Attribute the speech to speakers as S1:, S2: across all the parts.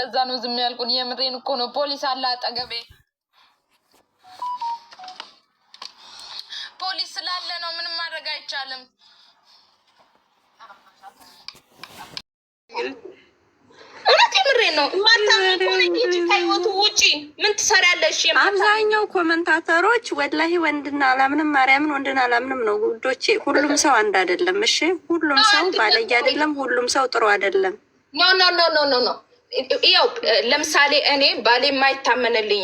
S1: ለዛ ነው ዝም ያልኩን። የምሬን እኮ ነው። ፖሊስ አለ አጠገቤ። ፖሊስ ስላለ ነው ምንም ማድረግ አይቻልም።
S2: አብዛኛው ኮመንታተሮች ወላሂ ወንድና አላምንም ማርያምን ወንድና አላምንም ነው ውዶቼ። ሁሉም ሰው አንድ አይደለም። እሺ፣ ሁሉም ሰው ባለጌ አይደለም። ሁሉም ሰው ጥሩ አይደለም።
S1: ኖ ኖ ኖ ኖ ኖ ያው ለምሳሌ እኔ ባሌ የማይታመንልኝ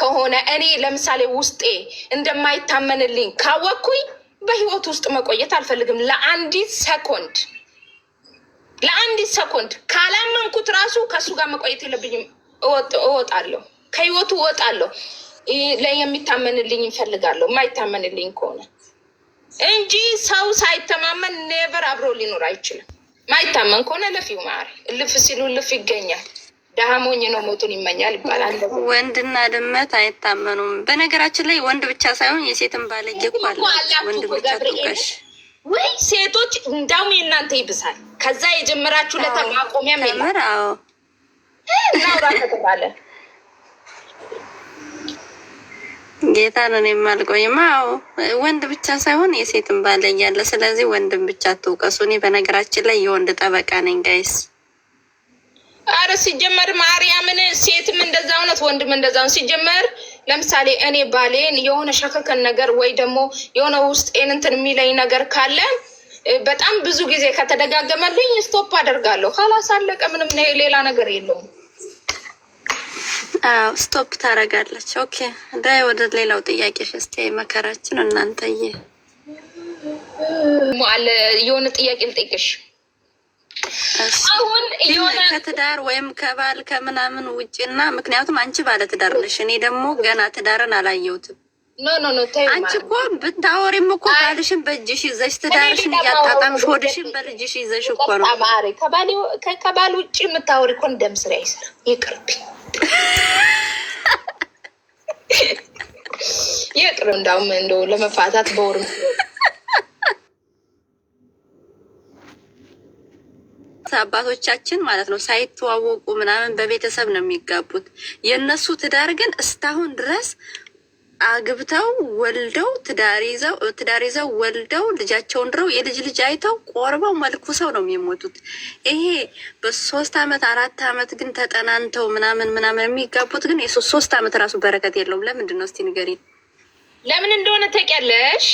S1: ከሆነ እኔ ለምሳሌ ውስጤ እንደማይታመንልኝ ካወቅኩኝ በህይወት ውስጥ መቆየት አልፈልግም። ለአንዲት ሰኮንድ ለአንዲት ሰኮንድ ካላመንኩት ራሱ ከእሱ ጋር መቆየት የለብኝም። እወጣለሁ፣ ከህይወቱ እወጣለሁ። ለየሚታመንልኝ እፈልጋለሁ፣ የማይታመንልኝ ከሆነ እንጂ ሰው ሳይተማመን ኔቨር አብሮ ሊኖር አይችልም። ማይታመን ከሆነ ለፊው ማሪ ልፍ ሲሉ ልፍ ይገኛል። ደሃ ሞኝ ነው ሞቱን ይመኛል ይባላል።
S2: ወንድና ድመት አይታመኑም። በነገራችን ላይ ወንድ ብቻ ሳይሆን የሴትን ባለጌ ወንድ ብቻ ጥቀሽ
S1: ወይ ሴቶች እንዳውም የእናንተ ይብሳል። ከዛ የጀመራችሁ ለተማቆሚያ ምር ናውራ ከተባለ
S2: ጌታ ነው የማልቆይማ። ወንድ ብቻ ሳይሆን የሴትም ባል እያለ ስለዚህ ወንድም ብቻ አትውቀሱ። እኔ በነገራችን ላይ የወንድ ጠበቃ ነኝ ጋይስ።
S1: አረ ሲጀመር ማርያምን ሴትም እንደዛ እውነት ወንድም እንደዛ ሲጀመር ለምሳሌ እኔ ባሌን የሆነ ሸከከን ነገር ወይ ደግሞ የሆነ ውስጤን እንትን የሚለኝ ነገር ካለ በጣም ብዙ ጊዜ ከተደጋገመልኝ ስቶፕ አደርጋለሁ። ካላሳለቀ ምንም ሌላ ነገር የለውም።
S2: ስቶፕ ታደርጋለች። ኦኬ ዳይ፣ ወደ ሌላው ጥያቄ እስቲ መከራችን
S1: ሙአል የሆነ ጥያቄ ልጠይቅሽ። አሁን
S2: ከትዳር ወይም ከባል ከምናምን ውጭና፣ ምክንያቱም አንቺ ባለ ትዳር ነሽ፣ እኔ ደግሞ ገና ትዳርን አላየሁትም አንቺ እኮ ብታወሪም እኮ ባልሽን በእጅሽ ይዘሽ ትዳርሽን እያጣጣምሽ ሆድሽን በልጅሽ ይዘሽ እኮ ነው።
S1: ከባል ውጭ የምታወሪ እኮ እንደም ስራ ይሰራ ይቅርብ ይቅርብ። እንዳውም እንደ ለመፋታት በወርም
S2: አባቶቻችን ማለት ነው ሳይተዋወቁ ምናምን በቤተሰብ ነው የሚጋቡት። የእነሱ ትዳር ግን እስካሁን ድረስ አግብተው ወልደው ትዳር ይዘው ወልደው ልጃቸውን ድረው የልጅ ልጅ አይተው ቆርበው መልኩ ሰው ነው የሚሞቱት። ይሄ በሶስት አመት አራት አመት ግን ተጠናንተው ምናምን ምናምን የሚጋቡት ግን ሶስት አመት ራሱ በረከት የለውም። ለምንድን ነው እስቲ ንገሪኝ።
S1: ለምን እንደሆነ ታውቂያለሽ?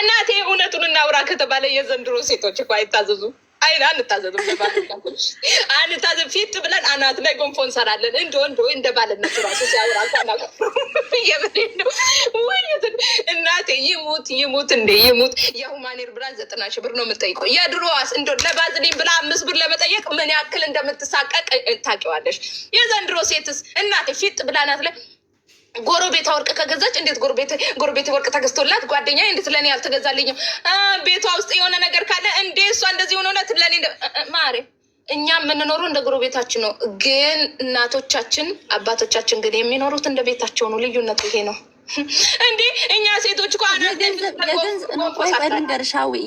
S1: እናቴ እውነቱን እናውራ ከተባለ የዘንድሮ ሴቶች እኮ አይታዘዙም። አይን አይ አንታዘብም፣ አንታዘብ ፊት ብለን አናት ላይ ጎንፎ እንሰራለን። እንደ ወንድ ወይ እንደ ባልነት ራሱ ሲያወራ እናቴ ይሙት ይሙት እንዴ ይሙት። የሁማኔር ብላ ዘጠና ሺህ ብር ነው የምጠይቀው። የድሮዋስ እንደ ለባዝሊን ብላ አምስት ብር ለመጠየቅ ምን ያክል እንደምትሳቀቅ ታውቂዋለሽ። የዘንድሮ ሴትስ እናቴ ፊት ብላ አናት ላይ ጎረቤቷ ወርቅ ከገዛች እንዴት ጎረቤት ወርቅ ተገዝቶላት ጓደኛ እንዴት ለእኔ አልተገዛልኝም? ቤቷ ውስጥ የሆነ ነገር ካለ እንዴ እሷ እንደዚህ ሆነላት ለእኔ ማሬ እኛ የምንኖረው እንደ ጎረቤታችን ነው። ግን እናቶቻችን አባቶቻችን ግን የሚኖሩት እንደ ቤታቸው ነው። ልዩነቱ ይሄ ነው። እንዴ እኛ ሴቶች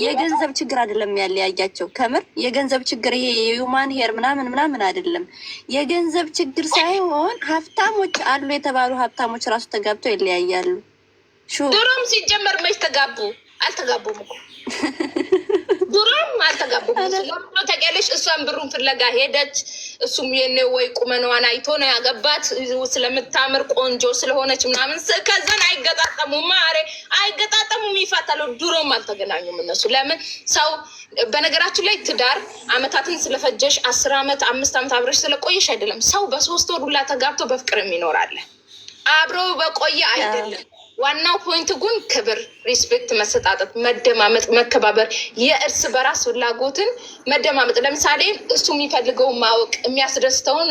S2: የገንዘብ ችግር አይደለም ያለያያቸው። ከምር የገንዘብ ችግር ይሄ የዩማን ሄር ምናምን ምናምን አይደለም። የገንዘብ ችግር ሳይሆን ሀብታሞች አሉ የተባሉ ሀብታሞች ራሱ ተጋብተው ይለያያሉ።
S1: ድሮም ሲጀመር መች ተጋቡ? አልተጋቡም እኮ ብሩም አልተጋቡም። ታውቂያለሽ። እሷን ብሩን ፍለጋ ሄደች። እሱም የኔ ወይ ቁመናዋን አይቶ ነው ያገባት ስለምታምር ቆንጆ ስለሆነች ምናምን። ከዘን አይገጣጠሙም፣ ማሬ አይገጣጠሙም፣ ይፋታሉ። ድሮም አልተገናኙም እነሱ። ለምን ሰው በነገራችን ላይ ትዳር አመታትን ስለፈጀሽ አስር አመት አምስት አመት አብረሽ ስለቆየሽ አይደለም። ሰው በሶስት ወር ሁላ ተጋብቶ በፍቅር የሚኖራለን አብረው በቆየ አይደለም ዋናው ፖይንት ግን ክብር፣ ሪስፔክት፣ መሰጣጠት፣ መደማመጥ፣ መከባበር፣ የእርስ በራስ ፍላጎትን መደማመጥ። ለምሳሌ እሱ የሚፈልገው ማወቅ፣ የሚያስደስተውን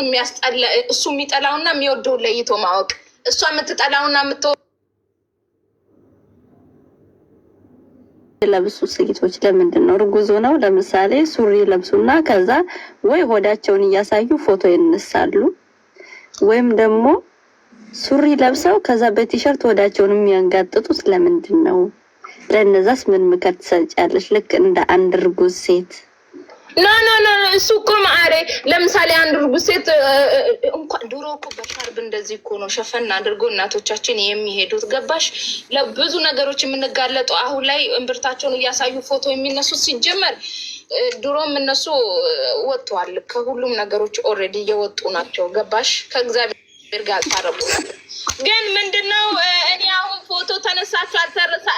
S1: እሱ የሚጠላውና የሚወደውን ለይቶ ማወቅ፣ እሷ የምትጠላውና የምትወ
S2: ለብሱ ሴቶች ለምንድን ነው እርጉዝ ነው? ለምሳሌ ሱሪ ለብሱና ከዛ ወይ ሆዳቸውን እያሳዩ ፎቶ ይነሳሉ ወይም ደግሞ ሱሪ ለብሰው ከዛ በቲሸርት ወዳቸውን የሚያንጋጥጡት ስለምንድን ነው? ለእነዛስ ምን ምክር ትሰጫለች? ልክ እንደ አንድ እርጉዝ ሴት
S1: ኖ ኖ ኖ እሱ እኮ ማዕሬ ለምሳሌ አንድ እርጉዝ ሴት እንኳን ድሮ እኮ በሻርብ እንደዚህ እኮ ነው ሸፈን አድርጎ እናቶቻችን የሚሄዱት ገባሽ። ለብዙ ነገሮች የምንጋለጡ አሁን ላይ እምብርታቸውን እያሳዩ ፎቶ የሚነሱት ሲጀመር ድሮም እነሱ ወጥተዋል። ከሁሉም ነገሮች ኦልሬዲ እየወጡ ናቸው። ገባሽ ከእግዚአብሔር ነበር ጋር አልታረቁ። ግን ምንድነው እኔ አሁን ፎቶ ተነሳችሁ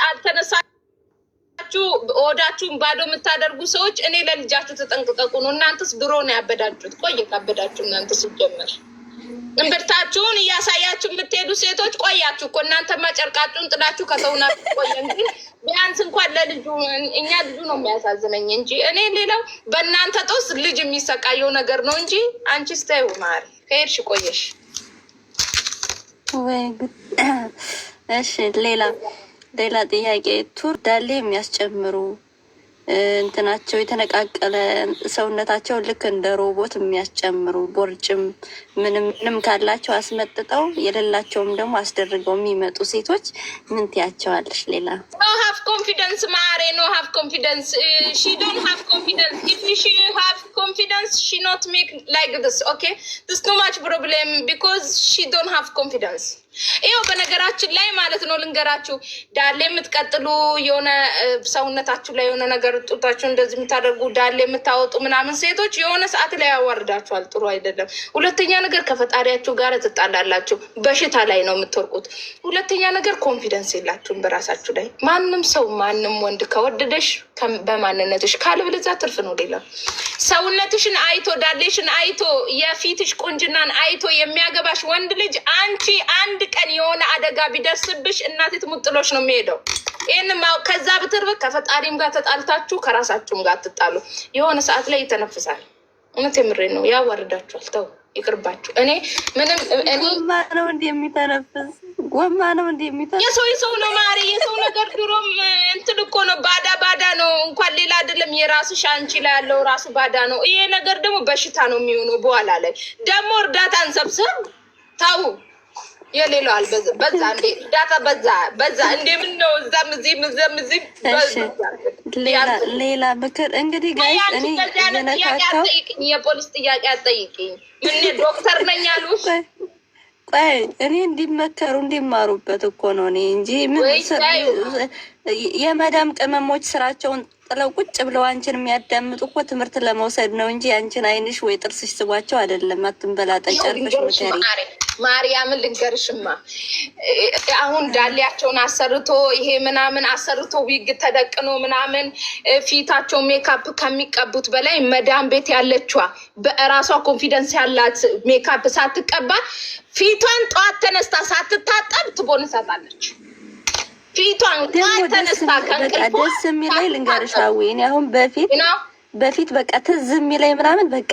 S1: አልተነሳችሁ ወዳችሁን ባዶ የምታደርጉ ሰዎች እኔ ለልጃችሁ ተጠንቅቀቁ ነው። እናንተስ ድሮ ነው ያበዳችሁት። ቆይ ካበዳችሁ እናንተ ስጀምር እምብርታችሁን እያሳያችሁ የምትሄዱ ሴቶች ቆያችሁ እኮ እናንተማ ጨርቃችሁን ጥላችሁ ከተውናችሁ ቆየ እንጂ ቢያንስ እንኳን ለልጁ እኛ ልጁ ነው የሚያሳዝነኝ እንጂ እኔ ሌላው በእናንተ ጦስ ልጅ የሚሰቃየው ነገር ነው እንጂ አንቺ ስተይው ማሪ ከሄድሽ ቆየሽ
S2: እሺ ሌላ ሌላ ጥያቄ ቱር ዳሌ የሚያስጨምሩ እንትናቸው የተነቃቀለ ሰውነታቸው ልክ እንደ ሮቦት የሚያስጨምሩ ቦርጭም ምንም ምንም ካላቸው አስመጥጠው የሌላቸውም ደግሞ አስደርገው የሚመጡ ሴቶች ምን ትያቸዋለሽ? ሌላ
S1: ኖ ሀፍ ኮንፊደንስ ማሬ ኖ ሀፍ ኮንፊደንስ ሺ ዶን ሀፍ ኮንፊደንስ ኢፍ ሺ ሀፍ ኮንፊደንስ ሺ ኖት ሜክ ላይክ ስ ኦኬ ስ ኖ ማች ፕሮብሌም ቢኮዝ ሺ ዶን ሀፍ ኮንፊደንስ ይኸው በነገራችን ላይ ማለት ነው ልንገራችሁ፣ ዳሌ የምትቀጥሉ የሆነ ሰውነታችሁ ላይ የሆነ ነገር ጡታችሁ እንደዚህ የምታደርጉ ዳሌ የምታወጡ ምናምን ሴቶች የሆነ ሰዓት ላይ ያዋርዳችኋል። ጥሩ አይደለም። ሁለተኛ ነገር ከፈጣሪያችሁ ጋር ትጣላላችሁ። በሽታ ላይ ነው የምትወርቁት። ሁለተኛ ነገር ኮንፊደንስ የላችሁም በራሳችሁ ላይ። ማንም ሰው ማንም ወንድ ከወደደሽ በማንነትሽ ካልብልዛ ትርፍ ነው። ሌላ ሰውነትሽን አይቶ ዳሌሽን አይቶ የፊትሽ ቁንጅናን አይቶ የሚያገባሽ ወንድ ልጅ አንቺ አንድ አንድ ቀን የሆነ አደጋ ቢደርስብሽ እናቴ ትሙት ጥሎሽ ነው የሚሄደው። ይህን ከዛ ብትርብ ከፈጣሪም ጋር ተጣልታችሁ ከራሳችሁም ጋር ትጣሉ። የሆነ ሰዓት ላይ ይተነፍሳል። እውነት የምሬ ነው። ያዋርዳችኋል። ተው ይቅርባችሁ። እኔ ምንም
S2: ጎማ ነው እንዲ የሚተነፍስ ጎማ ነው እንዲ የሚተነፍስ
S1: የሰው የሰው ነው ማሪ የሰው ነገር ድሮም እንትን እኮ ነው። ባዳ ባዳ ነው እንኳን ሌላ አይደለም። የራስሽ አንቺ ላይ ያለው ራሱ ባዳ ነው። ይሄ ነገር ደግሞ በሽታ ነው የሚሆነው በኋላ ላይ ደግሞ እርዳታ እንሰብስብ ታው የሌለዋል በዛ ዳታ በዛ በዛ እንዴ ምን ነው እዛም እዚህም እዛም
S2: እዚህም። ሌላ ምክር እንግዲህ ጋይስ
S1: የፖሊስ ጥያቄ አጠይቅኝ። ምን ዶክተር ነኝ ያሉሽ?
S2: ቆይ እኔ እንዲመከሩ እንዲማሩበት እኮ ነው እኔ እንጂ የመዳም ቅመሞች ስራቸውን ጥለው ቁጭ ብለው አንቺን የሚያዳምጡ እኮ ትምህርት ለመውሰድ ነው እንጂ አንቺን አይንሽ ወይ ጥርስሽ ስቧቸው አይደለም። አትንበላጠጨርሽ ጨርሽ ምከሪ
S1: ማርያምን ልንገርሽማ አሁን ዳሊያቸውን አሰርቶ ይሄ ምናምን አሰርቶ ዊግ ተደቅኖ ምናምን ፊታቸው ሜካፕ ከሚቀቡት በላይ መዳም ቤት ያለችዋ በራሷ ኮንፊደንስ ያላት ሜካፕ ሳትቀባ ፊቷን ጠዋት ተነስታ ሳትታጠብ ትቦንሳታለች። ፊቷን ጠዋት ተነስታ
S2: ከእንቅልፏ ደስ የሚለኝ ልንገርሽ አሁን በፊት በፊት በቃ ትዝ የሚለኝ ምናምን በቃ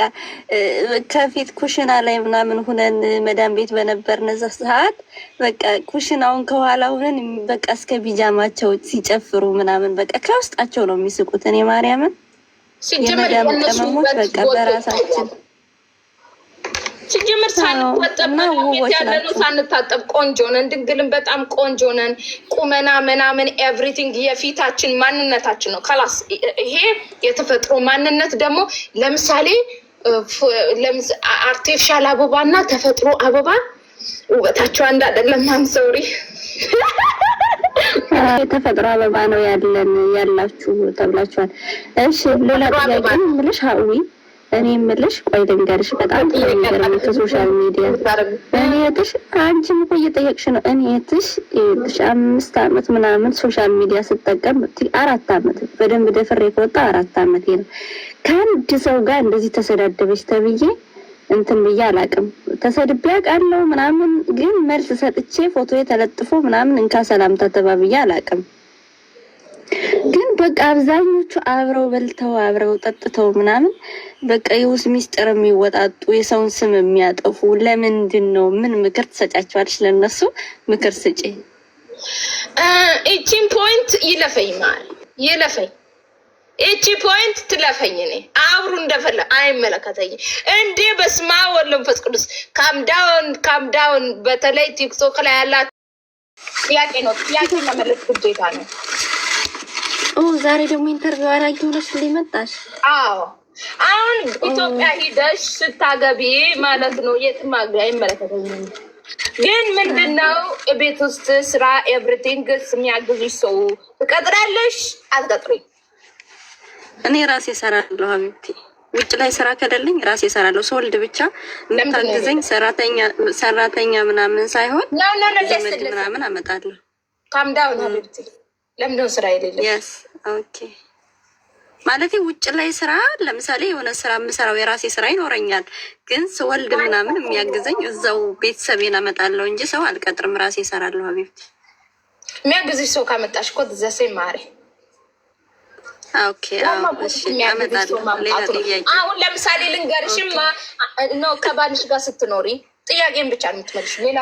S2: ከፊት ኩሽና ላይ ምናምን ሁነን መዳም ቤት በነበርን እዛ ሰዓት በቃ ኩሽናውን ከኋላ ሁነን በቃ እስከ ቢጃማቸው ሲጨፍሩ ምናምን በቃ ከውስጣቸው ነው የሚስቁት። እኔ ማርያምን የመዳም ቅመሞች በቃ በራሳችን
S1: ሲጀምር ሳንታጠብ ቤት ያለነው ሳንታጠብ ቆንጆ ነን፣ ድንግልን በጣም ቆንጆ ነን። ቁመና ምናምን ኤቭሪቲንግ የፊታችን ማንነታችን ነው። ከላስ ይሄ የተፈጥሮ ማንነት ደግሞ ለምሳሌ አርቴፊሻል አበባ እና ተፈጥሮ አበባ ውበታቸው አንድ አይደለም። ማምሰውሪ
S2: የተፈጥሮ አበባ ነው ያለን ያላችሁ ተብላችኋል። እሺ ሌላ ጥያቄ ምልሽ ሀዊ እኔ የምልሽ ቆይ ልንገርሽ፣ በጣም የሚገርም ከሶሻል ሚዲያ እኔ እህትሽ አንቺ እኮ እየጠየቅሽ ነው። እኔ እህትሽ ይኸውልሽ አምስት አመት ምናምን ሶሻል ሚዲያ ስጠቀም አራት አመት በደንብ ደፍሬ ከወጣ አራት አመት ነው። ከአንድ ሰው ጋር እንደዚህ ተሰዳደበች ተብዬ እንትን ብዬ አላቅም። ተሰድቤ አውቃለሁ ምናምን፣ ግን መልስ ሰጥቼ ፎቶ ተለጥፎ ምናምን እንካ ሰላምታ ተባብዬ አላቅም። በቃ አብዛኞቹ አብረው በልተው አብረው ጠጥተው ምናምን በቃ የውስጥ ሚስጥር የሚወጣጡ የሰውን ስም የሚያጠፉ ለምንድን ነው? ምን ምክር ትሰጫቸዋለች? ለነሱ ምክር ስጪ።
S1: እቺን ፖይንት ይለፈኝ ማለት ይለፈኝ እቺ ፖይንት ትለፈኝ። እኔ አብሩ እንደፈለ አይመለከተኝ እንዴ! በስማ አብ ወወልድ ቅዱስ። ካምዳውን ካምዳውን። በተለይ ቲክቶክ ላይ ያላት ጥያቄ ነው ጥያቄ መመለስ ግዴታ ነው።
S2: ዛሬ ደግሞ ኢንተርቪው አራጊ ሆነሽ ሊመጣሽ?
S1: አዎ አሁን ኢትዮጵያ ሂደሽ ስታገቢ ማለት ነው። የትም አግቢ አይመለከተኝም። ግን ምንድነው እቤት ውስጥ ስራ ኤቭሪቲንግ የሚያግዙሽ ሰው ትቀጥራለሽ? አትቀጥሪ?
S2: እኔ ራሴ እሰራለሁ ሀቢብቲ። ውጭ ላይ ስራ ከደለኝ ራሴ እሰራለሁ። ሶልድ ብቻ የምታግዘኝ ሰራተኛ ምናምን ሳይሆን ምናምን አመጣለሁ።
S1: ካምዳውን ሀቢብቲ ለምንድነው ስራ የሌለው?
S2: ማለት ውጭ ላይ ስራ ለምሳሌ የሆነ ስራ የምሰራው የራሴ ስራ ይኖረኛል፣ ግን ስወልድ ምናምን የሚያግዘኝ እዛው ቤተሰቤን አመጣለሁ እንጂ ሰው አልቀጥርም፣ ራሴ እሰራለሁ። አቤት
S1: የሚያግዝሽ ሰው ካመጣሽ እኮ ዘሴ ማሪ አሁን ለምሳሌ ልንገርሽማ ነው ከባልሽ ጋር ስትኖሪ ጥያቄን ብቻ የምትመልሽ ሌላ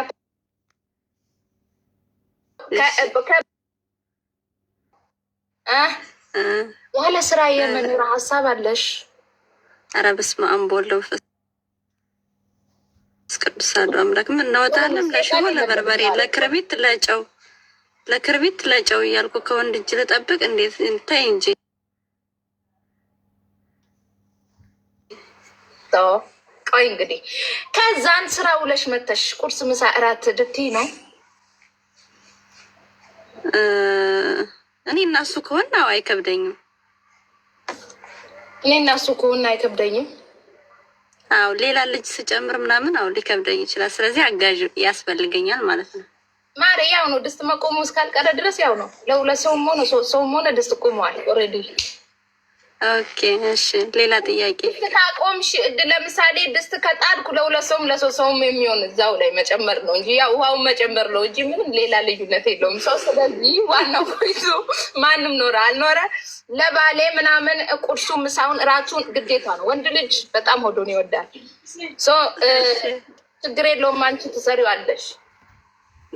S1: ያለ ስራ የመኖር ሀሳብ አለሽ?
S2: ኧረ በስመ አብ ወወልድ ወመንፈስ ቅዱስ አሐዱ አምላክ። ምን እናወጣለን? ለሽቦ፣ ለበርበሬ፣ ለክርቢት፣ ለጨው፣ ለክርቢት፣ ለጨው እያልኩ ከወንድ እጅ ልጠብቅ? እንዴት እንታይ እንጂ
S1: ቆይ እንግዲህ ከዛን ስራ ውለሽ መተሽ ቁርስ፣ ምሳ፣ እራት ድቲ ነው
S2: እኔ እናሱ ከሆነ አዎ አይከብደኝም።
S1: እኔ እናሱ ከሆነ አይከብደኝም።
S2: አዎ ሌላ ልጅ ስጨምር ምናምን አዎ ሊከብደኝ ይችላል። ስለዚህ አጋዥ ያስፈልገኛል ማለት ነው።
S1: ማሪ ያው ነው ድስት መቆሙ እስካልቀረ ድረስ ያው ነው ለሁለት ሰውም ሆነ ሶስት ሰውም ሆነ ድስት ቆመዋል ኦልሬዲ
S2: ኦኬ እሺ፣ ሌላ ጥያቄ
S1: ታቆምሽ። ለምሳሌ ድስት ከጣድኩ ለሁለት ሰውም ለሶስት ሰውም የሚሆን እዛው ላይ መጨመር ነው እንጂ ያው ውሃውን መጨመር ነው እንጂ ምንም ሌላ ልዩነት የለውም ሰው። ስለዚህ ዋናው ኮይዞ ማንም ኖረ አልኖረ ለባሌ ምናምን ቁርሱ፣ ምሳውን፣ እራቱን ግዴታ ነው። ወንድ ልጅ በጣም ሆዶን ይወዳል። ችግር የለውም። አንቺ ትሰሪዋለሽ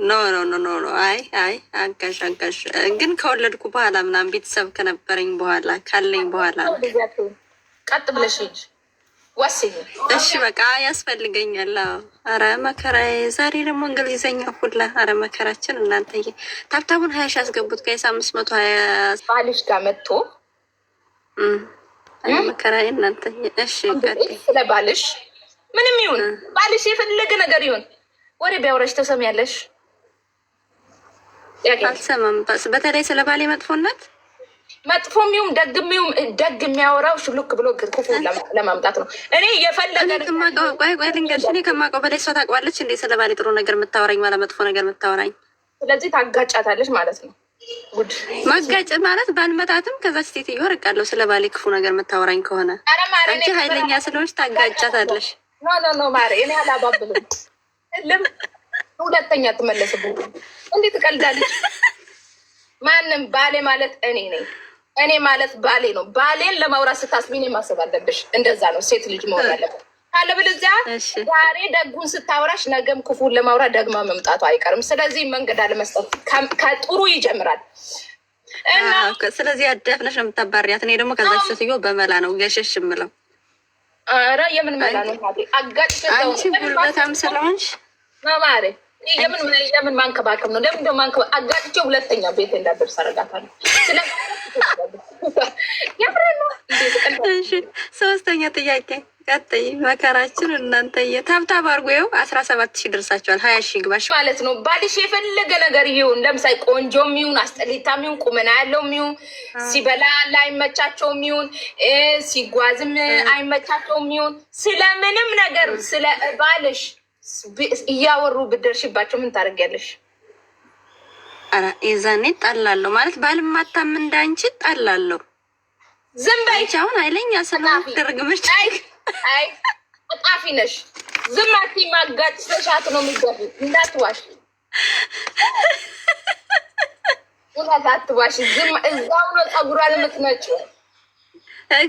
S2: ኖ ኖ ኖ ኖ ኖ አይ አይ አጋሽ አጋሽ ግን ከወለድኩ በኋላ ምናምን ቤተሰብ ከነበረኝ በኋላ ካለኝ በኋላ
S1: ቀጥ ብለሽ ሂጂ ወስኝ።
S2: እሺ በቃ ያስፈልገኛል። አረ መከራ ዛሬ ደግሞ እንግሊዘኛ ሁላ። አረ መከራችን እናንተዬ። ታብታቡን ሀያ ሺ ያስገቡት ጋይስ አምስት መቶ ሀያ
S1: ባልሽ ጋር መጥቶ
S2: መከራ እናንተዬ። እሺ
S1: ስለ ባልሽ ምንም ይሁን ባልሽ የፈለገ ነገር ይሁን ወሬ ቢያወራሽ ተሰሚያለሽ
S2: አልሰማም። በተለይ ስለ ባሌ መጥፎነት
S1: መጥፎ የሚውም ደግ የሚውም ደግ የሚያወራው ሽሉክ ብሎ ክፉ ለማምጣት ነው። እኔ የፈለገ
S2: ቆይ እኔ ከማውቀው በላይ እሷ ታውቀዋለች እንዴ ስለ ባሌ ጥሩ ነገር የምታወራኝ ማለት መጥፎ ነገር የምታወራኝ።
S1: ስለዚህ ታጋጫታለች ማለት ነው።
S2: ጉድ ማለት ባልመታትም ከዛ ስቴት እየወርቃለሁ ስለ ባሌ ክፉ ነገር የምታወራኝ ከሆነ አንቺ ኃይለኛ ስለሆንሽ ታጋጫታለሽ።
S1: ኖ ኖ ኖ ማሬ እኔ አላባብልም ልም ሁለተኛ ትመለስብኝ። እንዴት ትቀልዳለች? ማንም ባሌ ማለት እኔ ነኝ። እኔ ማለት ባሌ ነው። ባሌን ለማውራት ስታስቢ እኔ ማሰብ አለብሽ። እንደዛ ነው ሴት ልጅ መሆን አለበት። ካለበለዚያ ዛሬ ደጉን ስታወራሽ ነገም ክፉን ለማውራት ደግማ መምጣቱ አይቀርም። ስለዚህ መንገድ አለመስጠት ከጥሩ ይጀምራል።
S2: ስለዚህ አዳፍነሽ ነው የምታባሪያት። እኔ ደግሞ ከዛ ሴትዮ በመላ ነው ገሸሽ የምለው።
S1: ኧረ የምን መላ ነው? አጋጭ
S2: አንቺ ጉልበታም ስለሆንሽ
S1: ማማሬ የምን ማንከባከብ ነው? ለምን ማንከባ አጋጭቼ ሁለተኛ ቤት እንዳደርስ አደርጋታለሁ።
S2: ሶስተኛ ጥያቄ ቀጣይ መከራችን እናንተ ታብታብ አርጎ ይኸው አስራ ሰባት ሺህ ደርሳችኋል። ሀያ ሺህ ግባሽ ማለት ነው። ባልሽ የፈለገ ነገር ይሁን ለምሳሌ ቆንጆ የሚሆን አስጠሊታ የሚሆን ቁመና ያለው የሚሆን
S1: ሲበላ አይመቻቸው የሚሆን ሲጓዝም አይመቻቸው የሚሆን ስለምንም ነገር ስለ ባልሽ እያወሩ ብደርሽባቸው ምን ታደርጊያለሽ?
S2: የዛኔ ጣላለሁ ማለት ባልማታም እንዳንቺ ጣላለሁ። ዝም በይች። አሁን አይለኛ ሰላም ደርግምች
S1: ጣፊ ነሽ። ዝም ማጋጭ አጋጭተሻት ነው የሚገርም። እንዳትዋሽ እውነት አትዋሽ። ዝም እዛው ነው ፀጉሯን የምትመጪው።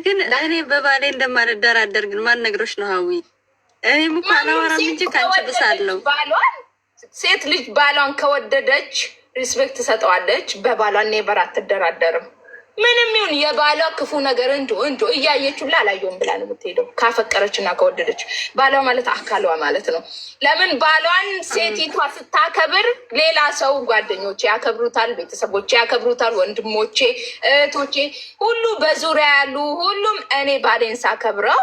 S2: ግን እኔ በባሌ እንደማልደራደር ግን ማን ነግሮች ነው ሀዊ እኔም እኮ አላወራም እንጂ ከአንቺ ብሳለሁ።
S1: ሴት ልጅ ባሏን ከወደደች ሪስፔክት ትሰጠዋለች። በባሏ ኔበር አትደራደርም። ምንም ይሁን የባሏ ክፉ ነገር እንዶ እንዶ እያየችላ አላየውም ብላ ነው የምትሄደው። ካፈቀረች እና ከወደደች ባሏ ማለት አካሏ ማለት ነው። ለምን ባሏን ሴቲቷ ስታከብር ሌላ ሰው ጓደኞቼ ያከብሩታል፣ ቤተሰቦቼ ያከብሩታል፣ ወንድሞቼ፣ እህቶቼ ሁሉ በዙሪያ ያሉ ሁሉም እኔ ባሌን ሳከብረው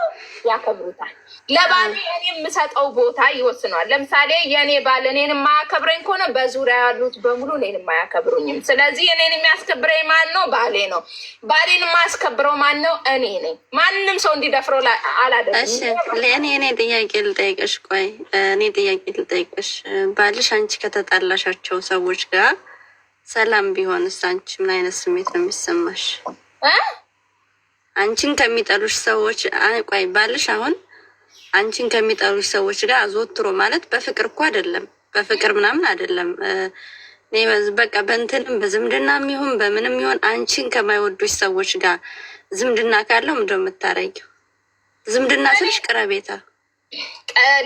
S1: ያከብሩታል። ለባሌ እኔ የምሰጠው ቦታ ይወስነዋል። ለምሳሌ የእኔ ባል እኔን የማያከብረኝ ከሆነ በዙሪያ ያሉት በሙሉ እኔን የማያከብሩኝም። ስለዚህ እኔን የሚያስከብረኝ ማን ነው? ባሌ ነው። ባሌን የማያስከብረው ማን ነው? እኔ ነኝ። ማንም ሰው እንዲደፍረው
S2: አላደለእኔ እኔ ጥያቄ ልጠይቅሽ፣ ቆይ እኔ ጥያቄ ልጠይቅሽ። ባልሽ አንቺ ከተጣላሻቸው ሰዎች ጋር ሰላም ቢሆንስ አንቺ ምን አይነት ስሜት ነው የሚሰማሽ? አንቺን ከሚጠሉሽ ሰዎች ቆይ ባልሽ አሁን አንቺን ከሚጠሉሽ ሰዎች ጋር አዘወትሮ ማለት በፍቅር እኮ አይደለም፣ በፍቅር ምናምን አይደለም። በቃ በእንትንም በዝምድና ይሁን በምንም ይሆን አንቺን ከማይወዱሽ ሰዎች ጋር ዝምድና ካለው ምንድን የምታረጊው? ዝምድና ስልሽ ቅረቤታ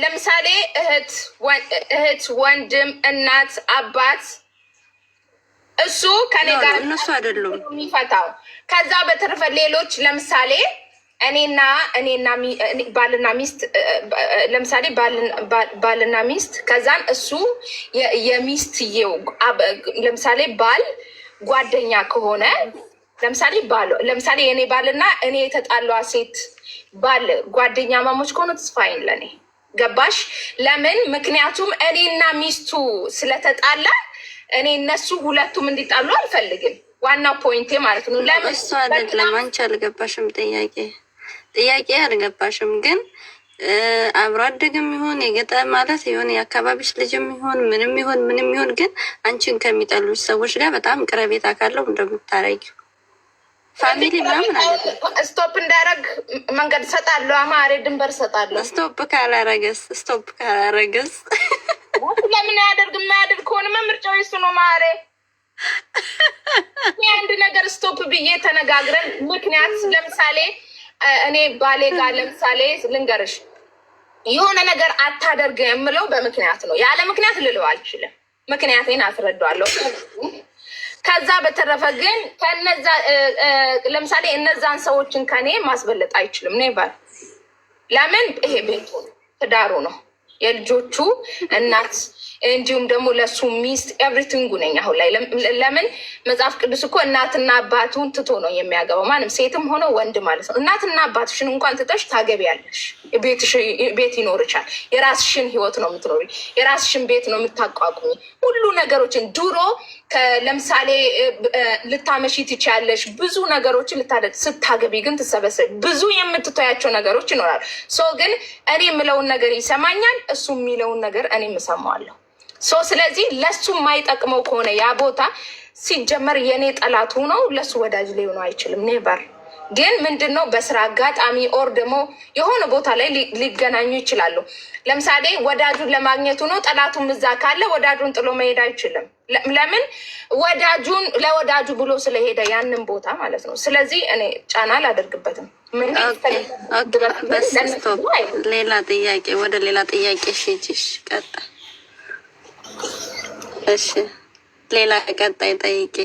S1: ለምሳሌ እህት፣ ወንድም፣ እናት፣ አባት እሱ ከኔ ጋር
S2: እነሱ አይደሉም
S1: የሚፈታው። ከዛ በተረፈ ሌሎች ለምሳሌ እኔና እኔና ባልና ሚስት ለምሳሌ ባልና ሚስት ከዛን እሱ የሚስትየው ለምሳሌ ባል ጓደኛ ከሆነ ለምሳሌ ባል ለምሳሌ የእኔ ባልና እኔ የተጣለዋ ሴት ባል ጓደኛ ማሞች ከሆነ ተስፋይን ለእኔ ገባሽ? ለምን? ምክንያቱም እኔና ሚስቱ ስለተጣላ እኔ እነሱ ሁለቱም እንዲጣሉ አልፈልግም። ዋናው ፖይንቴ ማለት ነው።
S2: ለምን እሷ አይደለም አንቺ አልገባሽም ጥያቄ ጥያቄ አልገባሽም ግን አብሮ አደግም ይሁን የገጠር ማለት የሆነ የአካባቢሽ ልጅም ይሁን ምንም ይሁን ምንም ይሁን ግን አንቺን ከሚጠሉሽ ሰዎች ጋር በጣም ቅረቤታ ካለው እንደምታረጊ ፋሚሊ ምናምን አለ
S1: ስቶፕ እንዳያረግ መንገድ ሰጣለሁ። አማሬ ድንበር ሰጣለሁ።
S2: ስቶፕ ካላረገስ ስቶፕ ካላረገስ
S1: ለምን ያደርግ? የማያደርግ ከሆነማ ምርጫው የሱ ነው። ማሬ የአንድ ነገር ስቶፕ ብዬ ተነጋግረን ምክንያት ለምሳሌ እኔ ባሌ ጋር ለምሳሌ ልንገርሽ የሆነ ነገር አታደርግ የምለው በምክንያት ነው። ያለ ምክንያት ልለው አልችልም። ምክንያቴን አስረዳዋለሁ። ከዛ በተረፈ ግን ከነዛ ለምሳሌ እነዛን ሰዎችን ከኔ ማስበለጥ አይችልም። ኔቨር። ለምን? ይሄ ቤቱ ትዳሩ ነው የልጆቹ እናት እንዲሁም ደግሞ ለሱ ሚስት ኤቭሪቲንጉ ነኝ አሁን ላይ። ለምን መጽሐፍ ቅዱስ እኮ እናትና አባቱን ትቶ ነው የሚያገባው፣ ማንም ሴትም ሆነ ወንድ ማለት ነው። እናትና አባትሽን እንኳን ትተሽ ታገቢያለሽ። ቤት ይኖርቻል። የራስሽን ህይወት ነው የምትኖሪ፣ የራስሽን ቤት ነው የምታቋቁሚ። ሁሉ ነገሮችን ድሮ ለምሳሌ ልታመሺ ትችያለሽ፣ ብዙ ነገሮችን ልታደርግ። ስታገቢ ግን ትሰበሰብ ብዙ የምትተያቸው ነገሮች ይኖራሉ። ሶ ግን እኔ የምለውን ነገር ይሰማኛል፣ እሱ የሚለውን ነገር እኔም እሰማዋለሁ። ሶ ስለዚህ ለሱ የማይጠቅመው ከሆነ ያ ቦታ ሲጀመር የኔ ጠላት ነው፣ ለሱ ወዳጅ ሊሆን አይችልም። ኔቨር ግን ምንድን ነው በስራ አጋጣሚ ኦር ደግሞ የሆነ ቦታ ላይ ሊገናኙ ይችላሉ። ለምሳሌ ወዳጁን ለማግኘቱ ነው። ጠላቱም እዛ ካለ ወዳጁን ጥሎ መሄድ አይችልም። ለምን ወዳጁን ለወዳጁ ብሎ ስለሄደ ያንን ቦታ ማለት ነው። ስለዚህ እኔ ጫና አላደርግበትም።
S2: ሌላ ጥያቄ ወደ ሌላ ጥያቄ ሽጅሽ ቀጣ እሺ ሌላ ቀጣይ ጠይቄ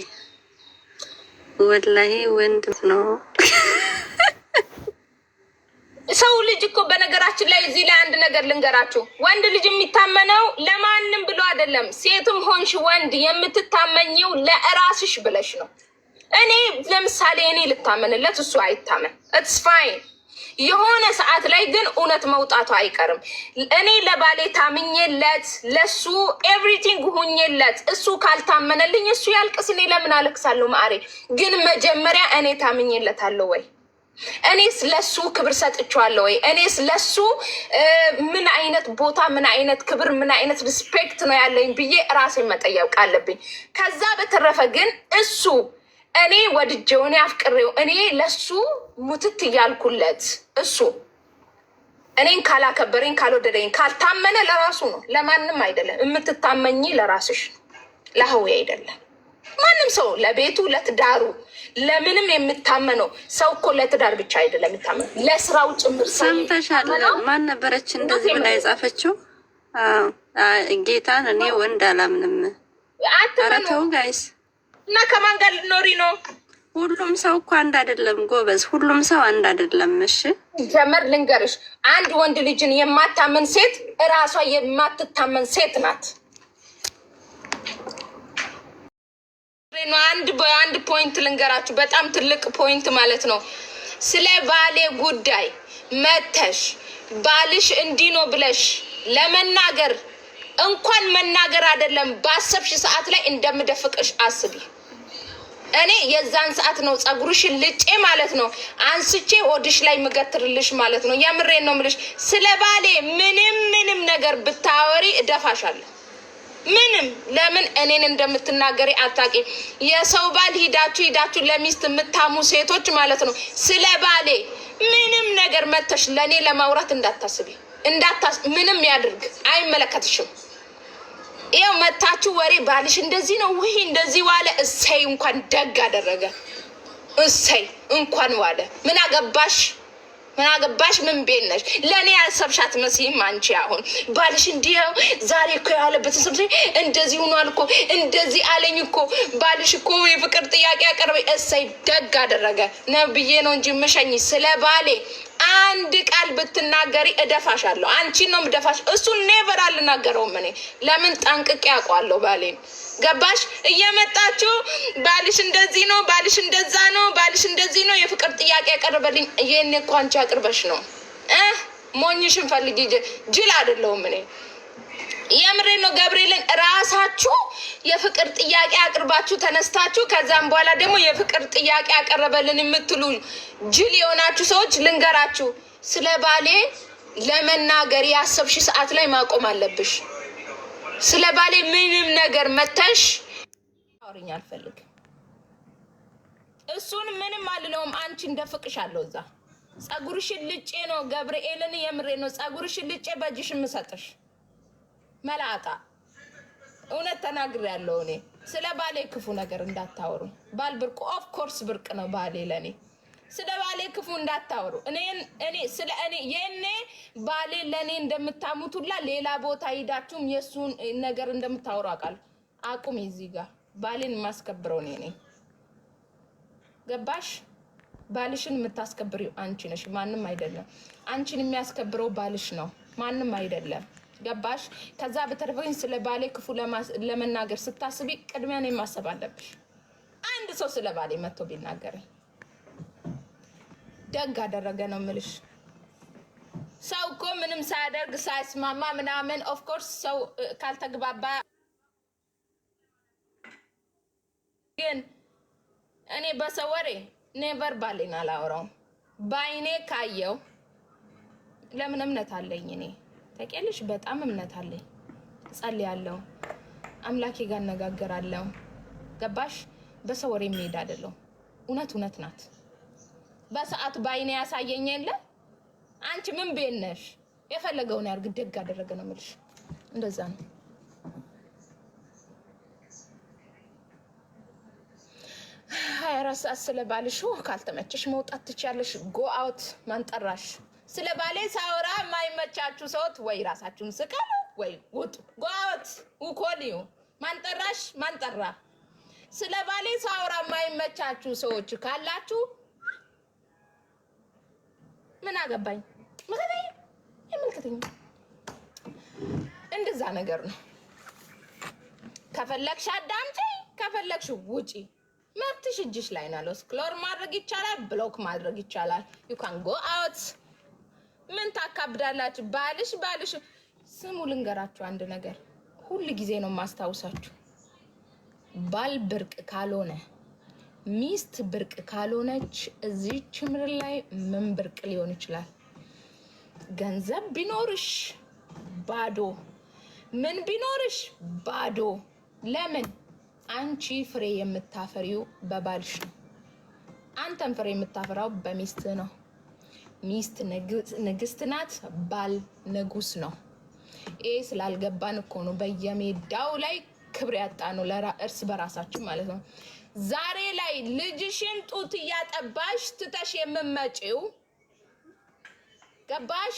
S2: ወላሂ ወንድ ነው
S1: ሰው ልጅ እኮ በነገራችን ላይ እዚህ ላይ አንድ ነገር ልንገራችሁ። ወንድ ልጅ የሚታመነው ለማንም ብሎ አይደለም። ሴትም ሆንሽ ወንድ የምትታመኘው ለእራስሽ ብለሽ ነው። እኔ ለምሳሌ እኔ ልታመንለት እሱ አይታመን ኢትስ ፋይን የሆነ ሰዓት ላይ ግን እውነት መውጣቱ አይቀርም። እኔ ለባሌ ታምኜለት ለሱ ኤቭሪቲንግ ሁኜለት እሱ ካልታመነልኝ እሱ ያልቅስ፣ እኔ ለምን አለቅሳለሁ? ማሬ ግን መጀመሪያ እኔ ታምኜለታለሁ ወይ እኔስ ለሱ ክብር ሰጥቼዋለሁ ወይ? እኔስ ለሱ ምን አይነት ቦታ፣ ምን አይነት ክብር፣ ምን አይነት ሪስፔክት ነው ያለኝ ብዬ ራሴን መጠየቅ አለብኝ። ከዛ በተረፈ ግን እሱ እኔ ወድጀው እኔ አፍቅሬው እኔ ለሱ ሙትት እያልኩለት እሱ እኔን ካላከበረኝ ካልወደደኝ ካልታመነ ለራሱ ነው፣ ለማንም አይደለም። የምትታመኝ ለራስሽ ነው፣ ለህዌ አይደለም። ማንም ሰው ለቤቱ፣ ለትዳሩ፣ ለምንም የምታመነው ሰው እኮ ለትዳር ብቻ አይደለም የምታመነው፣ ለስራው ጭምር።
S2: ሰምተሻል? ማን ነበረች እንደዚህ ብላ የጻፈችው? ጌታን እኔ ወንድ አላምንም። ኧረ ጋይስ
S1: እና ከማን ጋር ልትኖሪ ነው?
S2: ሁሉም ሰው እኮ አንድ አይደለም ጎበዝ፣ ሁሉም ሰው አንድ አይደለም። እሺ
S1: ጀመር ልንገርሽ፣ አንድ ወንድ ልጅን የማታመን ሴት እራሷ የማትታመን ሴት ናት። አንድ በአንድ ፖይንት ልንገራችሁ፣ በጣም ትልቅ ፖይንት ማለት ነው። ስለ ባሌ ጉዳይ መተሽ ባልሽ እንዲህ ነው ብለሽ ለመናገር እንኳን መናገር አይደለም በአሰብሽ ሰዓት ላይ እንደምደፍቅሽ አስቢ። እኔ የዛን ሰዓት ነው ፀጉርሽን ልጬ ማለት ነው አንስቼ ሆድሽ ላይ ምገትርልሽ ማለት ነው። የምሬን ነው ምልሽ። ስለ ባሌ ምንም ምንም ነገር ብታወሪ እደፋሻለሁ። ምንም ለምን እኔን እንደምትናገሪ አታቂ። የሰው ባል ሂዳችሁ ሂዳችሁ ለሚስት የምታሙ ሴቶች ማለት ነው ስለ ባሌ ምንም ነገር መተሽ ለእኔ ለማውራት እንዳታስቢ፣ እንዳታስ ምንም ያድርግ አይመለከትሽም። ይኸው መታችሁ ወሬ ባልሽ እንደዚህ ነው ውይ እንደዚህ ዋለ። እሰይ እንኳን ደግ አደረገ። እሰይ እንኳን ዋለ። ምን አገባሽ? ምን አገባሽ? ምን ቤት ነሽ? ለእኔ ያሰብሻት መስይም አንቺ አሁን ባልሽ እንዲው ዛሬ እኮ ያለበት ሰብ እንደዚህ ሆኗል እኮ እንደዚህ አለኝ እኮ ባልሽ እኮ የፍቅር ጥያቄ ያቀርበ እሰይ ደግ አደረገ ነብዬ ነው እንጂ መሸኝ ስለ ባሌ አንድ ቃል ብትናገሪ እደፋሻለሁ። አንቺን ነው ምደፋሽ። እሱን ኔቨር አልናገረውም እኔ ለምን ጠንቅቄ አውቀዋለሁ ባሌን። ገባሽ? እየመጣችሁ ባልሽ እንደዚህ ነው፣ ባልሽ እንደዛ ነው፣ ባልሽ እንደዚህ ነው፣ የፍቅር ጥያቄ ያቀርበልኝ። ይህን እኮ አንቺ አቅርበሽ ነው። ሞኝሽን ፈልጊ። ጅል አይደለሁም እኔ የምሬ ነው። ገብርኤልን ራሳችሁ የፍቅር ጥያቄ አቅርባችሁ ተነስታችሁ ከዛም በኋላ ደግሞ የፍቅር ጥያቄ ያቀረበልን የምትሉ ጅል የሆናችሁ ሰዎች ልንገራችሁ፣ ስለ ባሌ ለመናገር ያሰብሽ ሰዓት ላይ ማቆም አለብሽ። ስለ ባሌ ምንም ነገር መተሽ አውሪኝ አልፈልግም። እሱን ምንም አልለውም። አንቺ አለው እዛ ጸጉርሽን ልጬ ነው ገብርኤልን፣ የምሬ ነው። ጸጉርሽን ልጬ በእጅሽ የምሰጥሽ መላጣ እውነት ተናግር ያለው እኔ ስለ ባሌ ክፉ ነገር እንዳታወሩ። ባል ብርቅ ኮርስ ብርቅ ነው ባሌ ለእኔ። ስለ ባሌ ክፉ እንዳታወሩ። ስለ እኔ የእኔ ባሌ ለእኔ እንደምታሙት ሁላ ሌላ ቦታ ሂዳችሁም የእሱን ነገር እንደምታወሩ አውቃለሁ። አቁም። እዚህ ጋር ባሌን የማስከብረው እኔ ነኝ። ገባሽ? ባልሽን የምታስከብሪው አንቺ ነሽ፣ ማንም አይደለም። አንቺን የሚያስከብረው ባልሽ ነው፣ ማንም አይደለም። ገባሽ? ከዛ በተረፈኝ ስለ ባሌ ክፉ ለመናገር ስታስቢ ቅድሚያ እኔን ማሰብ አለብሽ። አንድ ሰው ስለ ባሌ መጥቶ ቢናገረኝ ደግ አደረገ ነው ምልሽ። ሰው እኮ ምንም ሳያደርግ ሳይስማማ ምናምን ኦፍኮርስ ሰው ካልተግባባ ግን እኔ በሰው ወሬ ኔቨር ባሌን አላወራውም። በአይኔ ካየው ለምን እምነት አለኝ እኔ ታውቂያለሽ፣ በጣም እምነት አለኝ። ጸልያለሁ፣ አምላኬ ጋር እነጋገራለሁ። ገባሽ? በሰው ወሬ የሚሄድ አይደለሁም። እውነት እውነት ናት። በሰዓት በአይኔ ያሳየኝ የለ አንቺ ምን ቤት ነሽ? የፈለገውን ያርግ፣ ደግ አደረገ ነው የምልሽ። እንደዛ ነው። ሀያ አራት ሰዓት ስለ ካልተመቸሽ መውጣት ትችያለሽ። ጎ አውት ማንጠራሽ ስለ ባሌ ሳውራ የማይመቻችሁ ሰዎች ወይ ራሳችሁን ስቀሉ ወይ ውጡ። ጓወት ውኮንዩ ማንጠራሽ ማንጠራ ስለ ባሌ ሳውራ የማይመቻችሁ ሰዎች ካላችሁ ምን አገባኝ ምክንያት የምልክትኝ እንደዛ ነገር ነው። ከፈለግሽ አዳምጪ፣ ከፈለግሽ ውጪ። መብትሽ እጅሽ ላይ ነው። ክሎር ማድረግ ይቻላል፣ ብሎክ ማድረግ ይቻላል። ዩ ካን ጎ አውት ምን ታካብዳላችሁ? ባልሽ ባልሽ ስሙ፣ ልንገራችሁ አንድ ነገር ሁል ጊዜ ነው የማስታውሳችሁ። ባል ብርቅ ካልሆነ ሚስት ብርቅ ካልሆነች እዚች ምድር ላይ ምን ብርቅ ሊሆን ይችላል? ገንዘብ ቢኖርሽ ባዶ፣ ምን ቢኖርሽ ባዶ። ለምን አንቺ ፍሬ የምታፈሪው በባልሽ ነው። አንተም ፍሬ የምታፈራው በሚስት ነው። ሚስት ንግስት ናት፣ ባል ንጉስ ነው። ይህ ስላልገባን እኮ ነው በየሜዳው ላይ ክብር ያጣ ነው፣ እርስ በራሳችን ማለት ነው። ዛሬ ላይ ልጅሽን ጡት እያጠባሽ ትተሽ የምመጪው ገባሽ?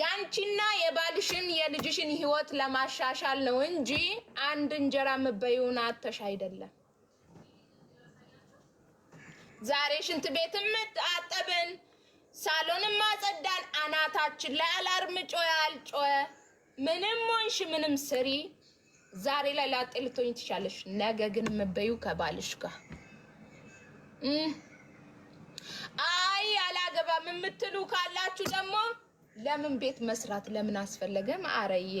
S1: ያንቺና የባልሽን የልጅሽን ህይወት ለማሻሻል ነው እንጂ አንድ እንጀራ ምበይውን አተሽ አይደለም። ዛሬ ሽንት ቤትም አጠብን ሳሎንም ማጸዳን፣ አናታችን ላይ አላርም ጮኸ አልጮኸ ምንም ሆንሽ ምንም ስሪ። ዛሬ ላይ ላጤ ልትሆኝ ትችያለሽ፣ ነገ ግን የምትበዩ ከባልሽ ጋር አይ አላገባም የምትሉ ካላችሁ ደግሞ ለምን ቤት መስራት ለምን አስፈለገ አረዬ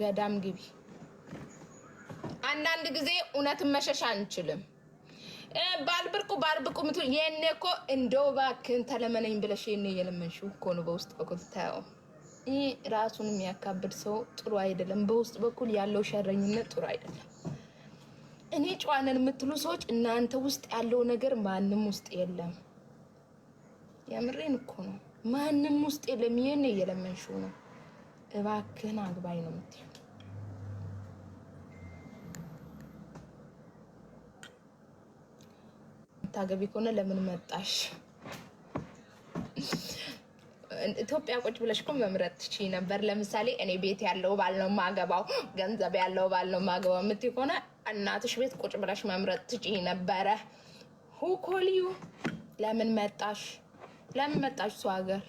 S1: ገዳም ግቢ። አንዳንድ ጊዜ እውነትን መሸሽ አንችልም። ባልብርቁ ባልብቁ ምቱ የኔ እኮ እንደው እባክህን ተለመነኝ ብለሽ የኔ የለመንሽው እኮ ነው። በውስጥ በኩል ታየው። ይህ ራሱን የሚያካብድ ሰው ጥሩ አይደለም። በውስጥ በኩል ያለው ሸረኝነት ጥሩ አይደለም። እኔ ጨዋነን የምትሉ ሰዎች እናንተ ውስጥ ያለው ነገር ማንም ውስጥ የለም። የምሬን እኮ ነው። ማንም ውስጥ የለም። ይህን እየለመንሽው ነው። እባክህን አግባኝ ነው የምትይው የምታገቢ ከሆነ ለምን መጣሽ? ኢትዮጵያ ቁጭ ብለሽ እኮ መምረጥ ትቺ ነበር። ለምሳሌ እኔ ቤት ያለው ባል ነው ማገባው፣ ገንዘብ ያለው ባል ነው ማገባው የምትይ ከሆነ እናትሽ ቤት ቁጭ ብለሽ መምረጥ ትጪ ነበረ። ሁ ለምን መጣሽ? ለምን መጣሽ ሰው ሀገር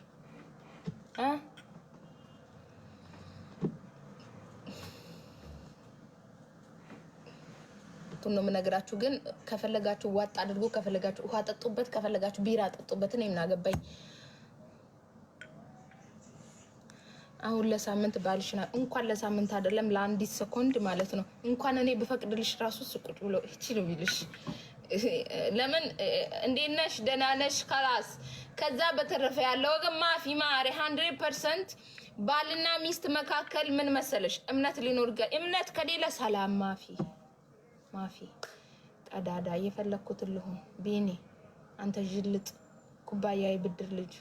S1: ሁለቱን ነው የምነግራችሁ። ግን ከፈለጋችሁ ዋጥ አድርጎ፣ ከፈለጋችሁ ውሃ ጠጡበት፣ ከፈለጋችሁ ቢራ ጠጡበት። እኔ ምን አገባኝ። አሁን ለሳምንት ባልሽና እንኳን ለሳምንት አይደለም ለአንዲት ሰኮንድ ማለት ነው። እንኳን እኔ ብፈቅድልሽ ራሱ ስቁጭ ብሎ ይቺ ነው ይልሽ። ለምን እንዴት ነሽ? ደህና ነሽ? ከላስ ከዛ በተረፈ ያለው ግን ማፊ ማሪ ሀንድሬድ ፐርሰንት ባልና ሚስት መካከል ምን መሰለሽ እምነት ሊኖር እምነት ከሌለ ሰላም ማፊ ማፊ ቀዳዳ እየፈለግኩት ልሁን ቢኒ አንተ ዥልጥ ኩባያ ብድር ልጅ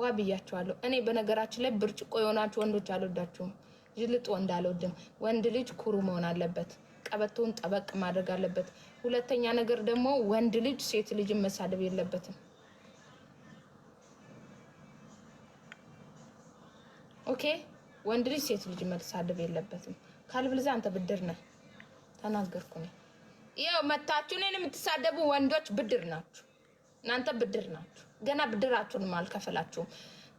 S1: ዋ ብያቸዋለሁ። እኔ በነገራችን ላይ ብርጭቆ የሆናችሁ ወንዶች አልወዳችሁም። ዥልጥ ወንድ አልወድም። ወንድ ልጅ ኩሩ መሆን አለበት። ቀበቶውን ጠበቅ ማድረግ አለበት። ሁለተኛ ነገር ደግሞ ወንድ ልጅ ሴት ልጅን መሳደብ የለበትም። ኦኬ ወንድ ልጅ ሴት ልጅ መሳደብ የለበትም። ካልብልዛ አንተ ብድር ነህ። ተናገርኩ ነው ያው መታችሁ እኔን የምትሳደቡ ወንዶች ብድር ናችሁ፣ እናንተ ብድር ናችሁ። ገና ብድራችሁንም አልከፈላችሁም።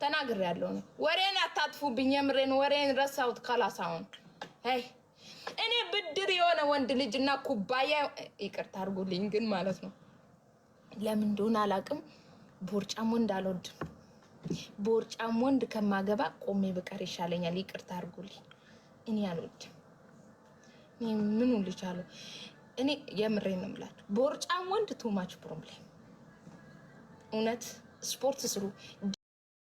S1: ተናግር ያለው ነው። ወሬን አታጥፉብኝ። የምሬን ወሬን ረሳሁት። ካላሳውን እኔ ብድር የሆነ ወንድ ልጅ እና ኩባያ ይቅርታ አድርጉልኝ፣ ግን ማለት ነው ለምን እንደሆነ አላውቅም። ቦርጫም ወንድ አልወድም። ቦርጫም ወንድ ከማገባ ቆሜ ብቀር ይሻለኛል። ይቅርታ አድርጉልኝ፣ እኔ አልወድም። ምን ልቻለሁ እኔ የምሬ ነው የምላችሁ። ቦርጫም ወንድ ቱማች ፕሮብሌም እውነት ስፖርት ስሩ።